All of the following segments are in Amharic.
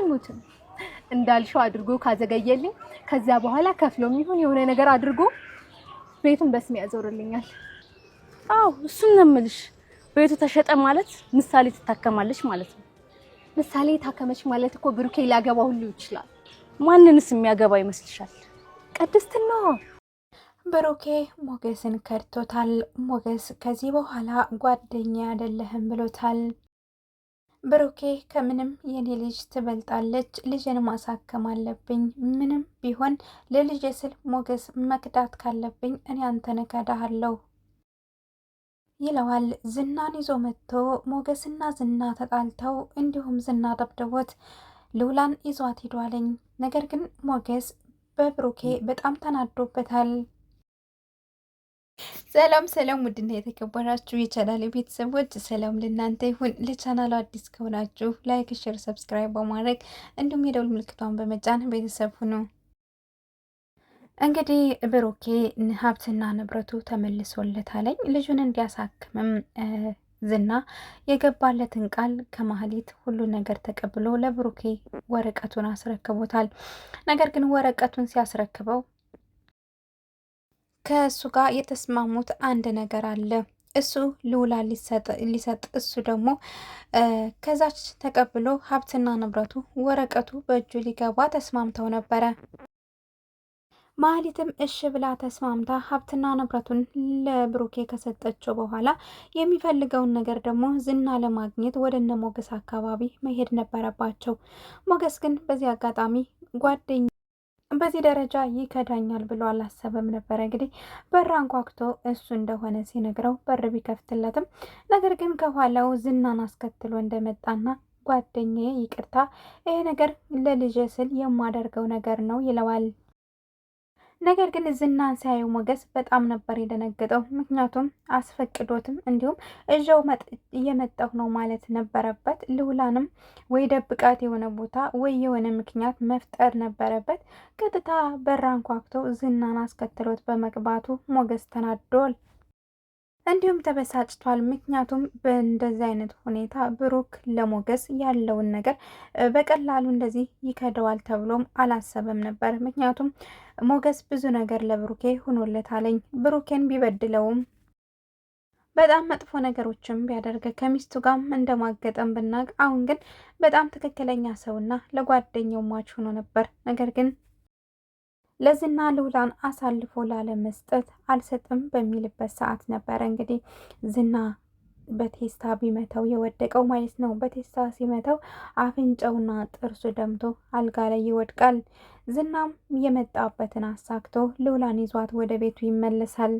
አይሞትም። እንዳልሸው አድርጎ ካዘገየልኝ ከዚያ በኋላ ከፍሎ የሚሆን የሆነ ነገር አድርጎ ቤቱን በስሜ ያዞርልኛል። አው እሱን ነው የምልሽ። ቤቱ ተሸጠ ማለት ምሳሌ ትታከማለች ማለት ነው። ምሳሌ ታከመች ማለት እኮ ብሩኬ ሊያገባ ሁሉ ይችላል። ማንንስ የሚያገባ ይመስልሻል? ቅድስት ነው። ብሩኬ ሞገስን ከድቶታል። ሞገስ ከዚህ በኋላ ጓደኛ አይደለህም ብሎታል። ብሩኬ ከምንም የኔ ልጅ ትበልጣለች፣ ልጅን ማሳከም አለብኝ። ምንም ቢሆን ለልጅ ስል ሞገስ መክዳት ካለብኝ እኔ አንተን እከዳሃለሁ ይለዋል። ዝናን ይዞ መጥቶ ሞገስና ዝና ተጣልተው እንዲሁም ዝና ደብድቦት ልውላን ይዟት ሂዷለኝ። ነገር ግን ሞገስ በብሩኬ በጣም ተናዶበታል። ሰላም ሰላም፣ ውድና የተከበራችሁ የቻናል ቤተሰቦች ሰላም ለእናንተ ይሁን። ለቻናሉ አዲስ ከሆናችሁ ላይክ፣ ሼር፣ ሰብስክራይብ በማድረግ እንዲሁም የደውል ምልክቷን በመጫን ቤተሰብ ሁኑ። እንግዲህ ብሩኬ ሀብትና ንብረቱ ተመልሶለታለኝ ልጁን እንዲያሳክምም ዝና የገባለትን ቃል ከማህሌት ሁሉ ነገር ተቀብሎ ለብሩኬ ወረቀቱን አስረክቦታል። ነገር ግን ወረቀቱን ሲያስረክበው ከእሱ ጋር የተስማሙት አንድ ነገር አለ። እሱ ልውላ ሊሰጥ እሱ ደግሞ ከዛች ተቀብሎ ሀብትና ንብረቱ ወረቀቱ በእጁ ሊገባ ተስማምተው ነበረ። ማህሊትም እሽ ብላ ተስማምታ ሀብትና ንብረቱን ለብሩኬ ከሰጠችው በኋላ የሚፈልገውን ነገር ደግሞ ዝና ለማግኘት ወደ እነ ሞገስ አካባቢ መሄድ ነበረባቸው። ሞገስ ግን በዚህ አጋጣሚ ጓደኛ በዚህ ደረጃ ይከዳኛል ብሎ አላሰበም ነበረ። እንግዲህ በር አንኳኩቶ እሱ እንደሆነ ሲነግረው በር ቢከፍትለትም ነገር ግን ከኋላው ዝናን አስከትሎ እንደመጣና ጓደኛዬ ይቅርታ፣ ይሄ ነገር ለልጄ ስል የማደርገው ነገር ነው ይለዋል። ነገር ግን ዝናን ሲያዩ ሞገስ በጣም ነበር የደነገጠው። ምክንያቱም አስፈቅዶትም እንዲሁም እዣው እየመጣሁ ነው ማለት ነበረበት። ልውላንም ወይ ደብቃት የሆነ ቦታ ወይ የሆነ ምክንያት መፍጠር ነበረበት። ቀጥታ በራን ኳክቶ ዝናን አስከትሎት በመግባቱ ሞገስ ተናዷል። እንዲሁም ተበሳጭቷል። ምክንያቱም በእንደዚህ አይነት ሁኔታ ብሩክ ለሞገስ ያለውን ነገር በቀላሉ እንደዚህ ይከደዋል ተብሎም አላሰበም ነበር። ምክንያቱም ሞገስ ብዙ ነገር ለብሩኬ አለኝ ብሩኬን ቢበድለውም በጣም መጥፎ ነገሮችን ቢያደርግ ከሚስቱ ጋር እንደማገጠም ብናቅ፣ አሁን ግን በጣም ትክክለኛ ሰውና ለጓደኛው ሟች ሆኖ ነበር ነገር ግን ለዝና ልውላን አሳልፎ ላለመስጠት አልሰጥም በሚልበት ሰዓት ነበረ እንግዲህ ዝና በቴስታ ቢመተው የወደቀው ማለት ነው። በቴስታ ሲመተው አፍንጫውና ጥርሱ ደምቶ አልጋ ላይ ይወድቃል። ዝናም የመጣበትን አሳክቶ ልውላን ይዟት ወደ ቤቱ ይመለሳል።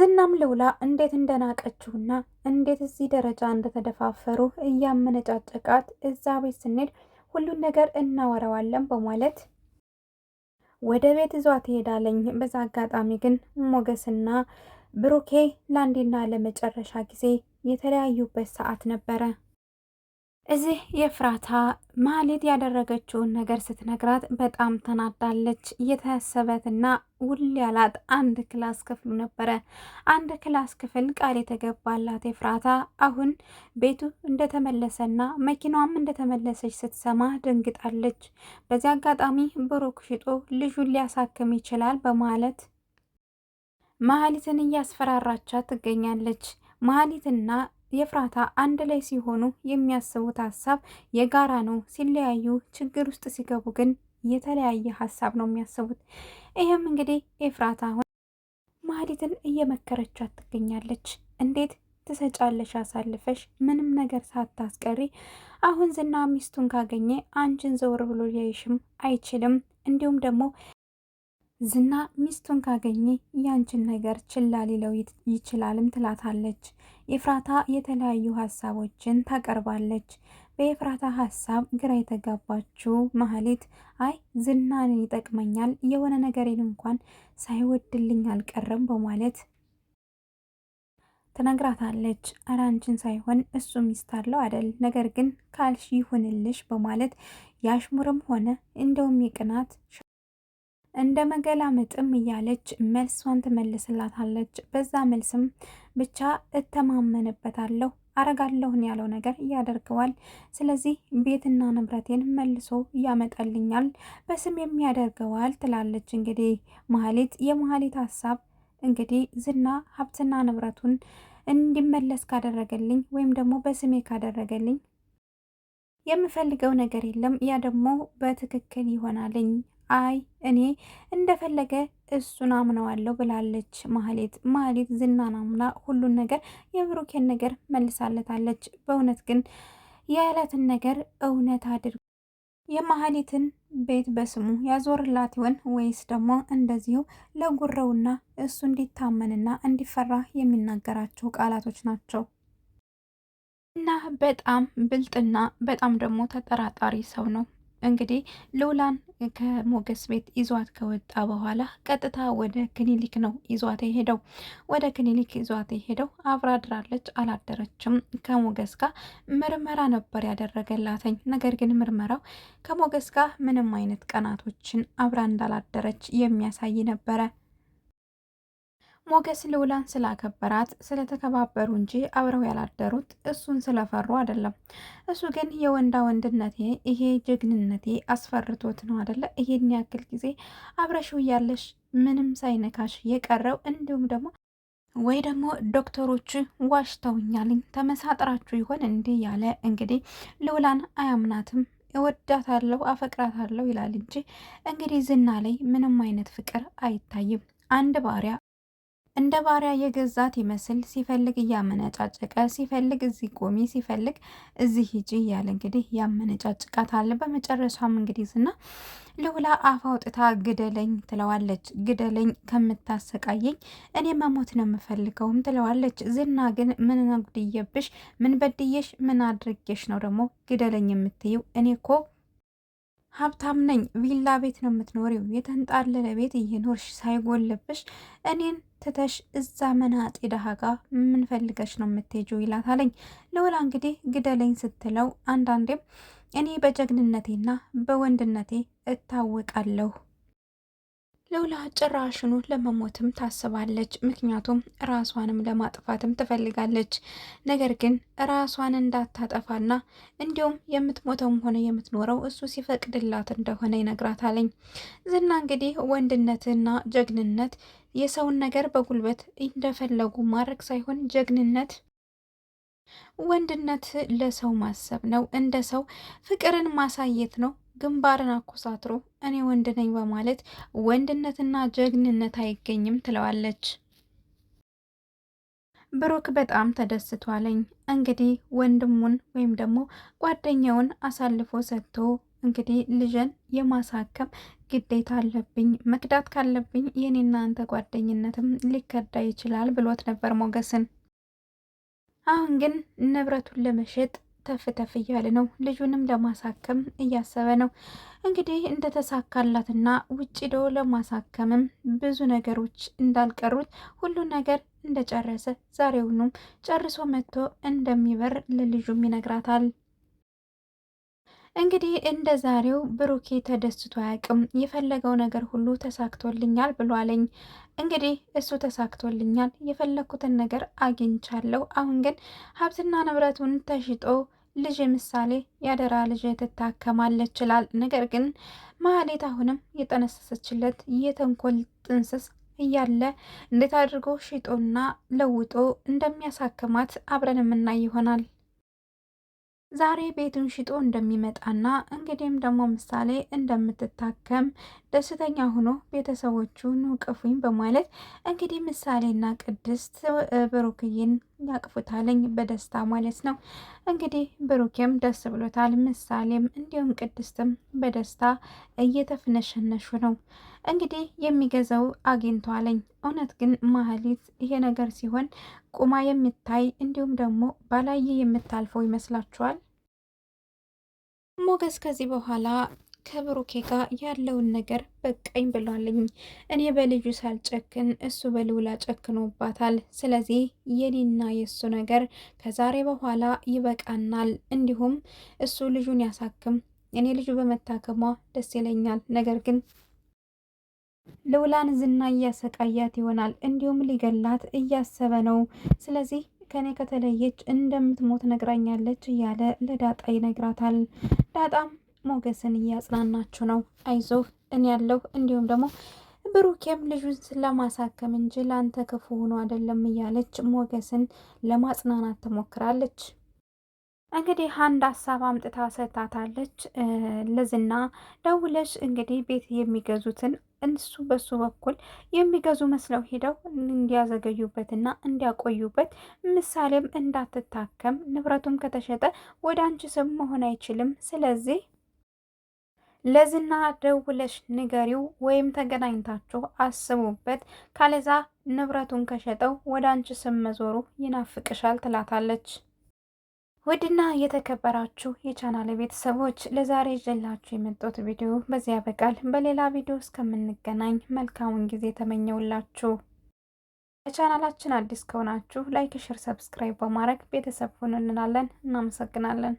ዝናም ልውላ እንዴት እንደናቀችውና እንዴት እዚህ ደረጃ እንደተደፋፈሩ እያመነጫጨቃት እዛ ቤት ስንሄድ ሁሉን ነገር እናወረዋለን በማለት ወደ ቤት እዟ ትሄዳለኝ። በዛ አጋጣሚ ግን ሞገስና ብሩኬ ለአንዴና ለመጨረሻ ጊዜ የተለያዩበት ሰዓት ነበረ። እዚህ የፍራታ ማሌት ያደረገችውን ነገር ስትነግራት በጣም ተናዳለች። የተሰበትና ውል ያላት አንድ ክላስ ክፍሉ ነበረ። አንድ ክላስ ክፍል ቃል የተገባላት ኤፍራታ አሁን ቤቱ እንደተመለሰና መኪናዋም እንደተመለሰች ስትሰማ ደንግጣለች። በዚህ አጋጣሚ ብሩክ ሽጦ ልጁን ሊያሳክም ይችላል በማለት መሀሊትን እያስፈራራቻት ትገኛለች። መሀሊትና የፍራታ አንድ ላይ ሲሆኑ የሚያስቡት ሀሳብ የጋራ ነው። ሲለያዩ ችግር ውስጥ ሲገቡ ግን የተለያየ ሀሳብ ነው የሚያስቡት። ይህም እንግዲህ ኤፍራታ አሁን ማህሌትን እየመከረቻት ትገኛለች። እንዴት ትሰጫለሽ አሳልፈሽ ምንም ነገር ሳታስቀሪ። አሁን ዝና ሚስቱን ካገኘ አንቺን ዘወር ብሎ ሊያይሽም አይችልም። እንዲሁም ደግሞ ዝና ሚስቱን ካገኘ ያንችን ነገር ችላ ሊለው ይችላልም ትላታለች። ኤፍራታ የተለያዩ ሀሳቦችን ታቀርባለች። በኤፍራታ ሀሳብ ግራ የተጋባችው ማህሌት አይ ዝናን ይጠቅመኛል የሆነ ነገሬን እንኳን ሳይወድልኝ አልቀረም በማለት ትነግራታለች። አራንችን ሳይሆን እሱ ሚስት አለው አደል፣ ነገር ግን ካልሽ ይሁንልሽ በማለት ያሽሙርም ሆነ እንደውም የቅናት እንደ መገላመጥም እያለች መልሷን ትመልስላታለች። በዛ መልስም ብቻ እተማመንበታለሁ አረጋለሁን ያለው ነገር ያደርገዋል። ስለዚህ ቤትና ንብረቴን መልሶ ያመጣልኛል፣ በስም የሚያደርገዋል ትላለች። እንግዲህ ማህሌት የማህሌት ሀሳብ እንግዲህ ዝና ሀብትና ንብረቱን እንዲመለስ ካደረገልኝ ወይም ደግሞ በስሜ ካደረገልኝ የምፈልገው ነገር የለም፣ ያ ደግሞ በትክክል ይሆናልኝ አይ እኔ እንደፈለገ እሱን አምነዋለሁ ብላለች ማህሌት። ማህሌት ዝናን አምና ሁሉን ነገር የብሩኬን ነገር መልሳለታለች። በእውነት ግን ያላትን ነገር እውነት አድርጎ የማህሌትን ቤት በስሙ ያዞርላት ይሆን ወይስ ደግሞ እንደዚሁ ለጉረውና እሱ እንዲታመንና እንዲፈራ የሚናገራቸው ቃላቶች ናቸው? እና በጣም ብልጥና በጣም ደግሞ ተጠራጣሪ ሰው ነው እንግዲህ ሎላን ከሞገስ ቤት ይዟት ከወጣ በኋላ ቀጥታ ወደ ክሊኒክ ነው ይዟት የሄደው። ወደ ክሊኒክ ይዟት የሄደው አብራ አድራለች፣ አላደረችም። ከሞገስ ጋር ምርመራ ነበር ያደረገላተኝ። ነገር ግን ምርመራው ከሞገስ ጋር ምንም አይነት ቀናቶችን አብራ እንዳላደረች የሚያሳይ ነበረ። ሞገስ ልውላን ስላከበራት ስለተከባበሩ እንጂ አብረው ያላደሩት እሱን ስለፈሩ አይደለም። እሱ ግን የወንዳ ወንድነቴ ይሄ ጀግንነቴ አስፈርቶት ነው አይደለ? ይሄን ያክል ጊዜ አብረሽው እያለሽ ምንም ሳይነካሽ የቀረው እንዲሁም ደግሞ ወይ ደግሞ ዶክተሮች ዋሽተውኛልኝ ተመሳጥራችሁ ይሆን እንዲህ ያለ እንግዲህ ልውላን አያምናትም። እወዳታለሁ አፈቅራታለሁ ይላል እንጂ እንግዲህ ዝና ላይ ምንም አይነት ፍቅር አይታይም። አንድ ባሪያ እንደ ባሪያ የገዛት ይመስል ሲፈልግ እያመነጫጭቀ ሲፈልግ እዚህ ቆሚ ሲፈልግ እዚህ ሂጂ እያለ እንግዲህ አለ በመጨረሻም እንግዲህ ዝና ልውላ አፍ አውጥታ ግደለኝ ትለዋለች። ግደለኝ ከምታሰቃየኝ እኔ መሞት ነው የምፈልገውም ትለዋለች። ዝና ግን ምን ጉድየብሽ፣ ምን በድየሽ፣ ምን አድርጌሽ ነው ደግሞ ግደለኝ የምትይው? እኔ እኮ ሀብታም ነኝ፣ ቪላ ቤት ነው የምትኖሪው፣ የተንጣለለ ቤት እየኖርሽ ሳይጎልብሽ እኔን ትተሽ እዛ መናጤ ደሃ ጋ ምን ፈልገሽ ነው የምትሄጂው? ይላታለኝ። ልውላ እንግዲህ ግደለኝ ስትለው አንዳንዴም እኔ በጀግንነቴና በወንድነቴ እታወቃለሁ ሉላ ጭራሽኑ ለመሞትም ታስባለች። ምክንያቱም ራሷንም ለማጥፋትም ትፈልጋለች። ነገር ግን ራሷን እንዳታጠፋና እንዲሁም የምትሞተውም ሆነ የምትኖረው እሱ ሲፈቅድላት እንደሆነ ይነግራታለኝ። ዝና እንግዲህ ወንድነትና ጀግንነት የሰውን ነገር በጉልበት እንደፈለጉ ማድረግ ሳይሆን ጀግንነት ወንድነት ለሰው ማሰብ ነው፣ እንደ ሰው ፍቅርን ማሳየት ነው። ግንባርን አኮሳትሮ እኔ ወንድ ነኝ በማለት ወንድነትና ጀግንነት አይገኝም ትለዋለች። ብሩክ በጣም ተደስቷለኝ። እንግዲህ ወንድሙን ወይም ደግሞ ጓደኛውን አሳልፎ ሰጥቶ እንግዲህ ልጅን የማሳከም ግዴታ አለብኝ፣ መክዳት ካለብኝ የኔና አንተ ጓደኝነትም ሊከዳ ይችላል ብሎት ነበር ሞገስን አሁን ግን ንብረቱን ለመሸጥ ተፍ ተፍ እያለ ነው። ልጁንም ለማሳከም እያሰበ ነው። እንግዲህ እንደተሳካላትና ውጭ ደው ለማሳከምም ብዙ ነገሮች እንዳልቀሩት ሁሉ ነገር እንደጨረሰ ዛሬውኑም ጨርሶ መጥቶ እንደሚበር ለልጁም ይነግራታል። እንግዲህ እንደ ዛሬው ብሩኬ ተደስቶ አያውቅም። የፈለገው ነገር ሁሉ ተሳክቶልኛል ብሏለኝ። እንግዲህ እሱ ተሳክቶልኛል፣ የፈለግኩትን ነገር አግኝቻለሁ። አሁን ግን ሀብትና ንብረቱን ተሽጦ ልጅ ምሳሌ ያደራ ልጅ ትታከማለች ይችላል። ነገር ግን ማህሌት አሁንም የጠነሰሰችለት የተንኮል ጥንስስ እያለ እንዴት አድርጎ ሽጦና ለውጦ እንደሚያሳክማት አብረን የምናይ ይሆናል። ዛሬ ቤቱን ሽጦ እንደሚመጣና እንግዲህም ደግሞ ምሳሌ እንደምትታከም ደስተኛ ሆኖ ቤተሰቦቹ ንውቅፉኝ በማለት እንግዲህ ምሳሌና ቅድስት ብሩክዬን ያቅፉታለኝ በደስታ ማለት ነው። እንግዲህ ብሩኬም ደስ ብሎታል። ምሳሌም እንዲሁም ቅድስትም በደስታ እየተፍነሸነሹ ነው። እንግዲህ የሚገዛው አግኝቷለኝ። እውነት ግን ማህሌት ይሄ ነገር ሲሆን ቁማ የምታይ እንዲሁም ደግሞ ባላየ የምታልፈው ይመስላችኋል? ሞገስ ከዚህ በኋላ ከብሩኬ ጋር ያለውን ነገር በቃኝ ብሏለኝ። እኔ በልጁ ሳልጨክን እሱ በልውላ ጨክኖባታል። ስለዚህ የኔና የእሱ ነገር ከዛሬ በኋላ ይበቃናል። እንዲሁም እሱ ልጁን ያሳክም። እኔ ልጁ በመታከሟ ደስ ይለኛል። ነገር ግን ልውላን ዝና እያሰቃያት ይሆናል። እንዲሁም ሊገላት እያሰበ ነው። ስለዚህ ከኔ ከተለየች እንደምትሞት ነግራኛለች እያለ ለዳጣ ይነግራታል። ዳጣም ሞገስን እያጽናናችሁ ነው። አይዞ እኔ ያለው እንዲሁም ደግሞ ብሩኬም ልጁን ለማሳከም እንጂ ለአንተ ክፉ ሆኖ አይደለም እያለች ሞገስን ለማጽናናት ትሞክራለች። እንግዲህ አንድ ሀሳብ አምጥታ ሰታታለች። ለዝና ደውለሽ እንግዲህ ቤት የሚገዙትን እንሱ በሱ በኩል የሚገዙ መስለው ሄደው እንዲያዘገዩበትና እንዲያቆዩበት ምሳሌም እንዳትታከም ንብረቱም ከተሸጠ ወደ አንቺ ስም መሆን አይችልም። ስለዚህ ለዝና ደውለሽ ንገሪው ወይም ተገናኝታችሁ አስቡበት፣ ካለዛ ንብረቱን ከሸጠው ወደ አንቺ ስም መዞሩ ይናፍቅሻል ትላታለች። ውድና የተከበራችሁ የቻናል ቤተሰቦች ለዛሬ ይዤላችሁ የመጣሁት ቪዲዮ በዚህ ያበቃል። በሌላ ቪዲዮ እስከምንገናኝ መልካሙን ጊዜ ተመኘውላችሁ። ለቻናላችን አዲስ ከሆናችሁ ላይክ፣ ሸር፣ ሰብስክራይብ በማድረግ ቤተሰብ ሁኑልናለን። እናመሰግናለን።